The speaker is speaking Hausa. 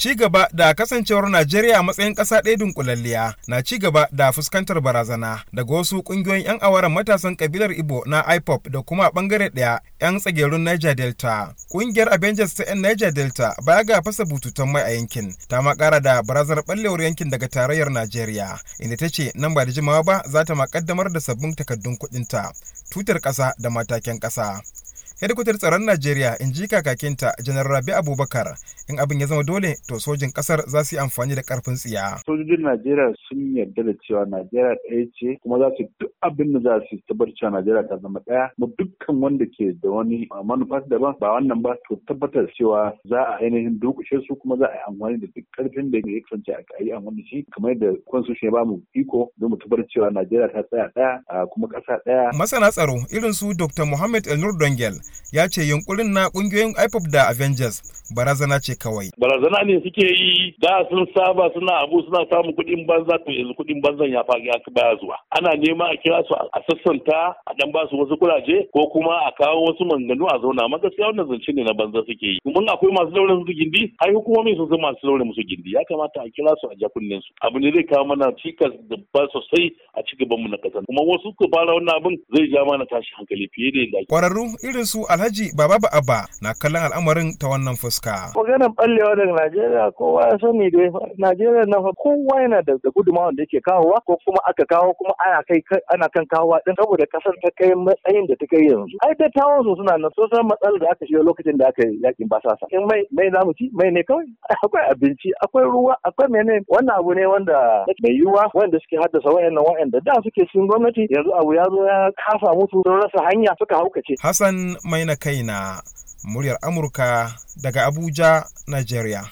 Ci gaba da kasancewar Najeriya a matsayin ƙasa ɗaya dunkulalliya na ci gaba da fuskantar barazana daga wasu ƙungiyoyin 'yan awaren matasan kabilar Ibo na IPOP da kuma a ɓangare ɗaya 'yan tsagerun Niger Delta. Ƙungiyar Avengers ta 'yan Niger Delta baya ga fasa bututun mai a yankin ta ma ƙara da barazanar ɓallewar yankin daga tarayyar Najeriya inda ta ce nan ba da jimawa ba za ta ma kaddamar da sabbin takardun kuɗinta tutar ƙasa da matakin ƙasa. hedikwatar tsaron najeriya in ji kakakinta janar rabi abubakar in abin ya zama dole to sojin kasar za su yi amfani da karfin tsiya sojojin najeriya sun yarda da cewa najeriya ɗaya ce kuma za su duk abin da za su tabbatar cewa najeriya ta zama ɗaya mu dukkan wanda ke da wani manufa daban ba wannan ba to tabbatar cewa za a ainihin dukushe su kuma za a yi amfani da duk karfin da ya kasance a yi amfani shi kamar da constitution ba mu iko don mu tabbatar cewa najeriya ta tsaya ɗaya kuma ƙasa ɗaya masana tsaro irin su dr muhammad elnur dongel ya ce yunkurin na kungiyoyin IPOP da Avengers barazana ce kawai. Barazana ne suke yi da sun saba suna abu suna samun kuɗin banza to yanzu kuɗin banzan ya faɗi aka baya zuwa. Ana nema a kira su a sassanta a dan basu wasu kuraje ko kuma a kawo wasu manganu a zauna amma gaskiya wannan zance ne na banza suke yi. Kuma akwai masu daure musu gindi ai hukumomi sun san masu daure musu gindi ya kamata a kira su a jakunnen su. Abu ne zai kawo mana cikas da ba sosai a ci mu na kasan kuma wasu ka fara wannan abin zai ja mana tashi hankali fiye da yadda kwararru irin su alhaji baba abba na kallon al'amarin ta wannan fuska maganar ballewa daga najeriya kowa ya sani da najeriya na kowa yana da gudunmawar da yake kawowa ko kuma aka kawo kuma ana kai ana kan kawowa din saboda kasar ta kai matsayin da ta kai yanzu ai ta tawo su suna nan sosan matsalar da aka shiga lokacin da aka yi yakin basasa in mai mai zamu ci mai ne kawai akwai abinci akwai ruwa akwai menene? wannan abu ne wanda mai yiwuwa wanda suke haddasa wayannan wayannan da da suke cikin gwamnati yanzu abu ya zo ya kasa musu don rasa hanya suka haukace. Hassan Maina Kaina, muryar Amurka daga Abuja, Najeriya.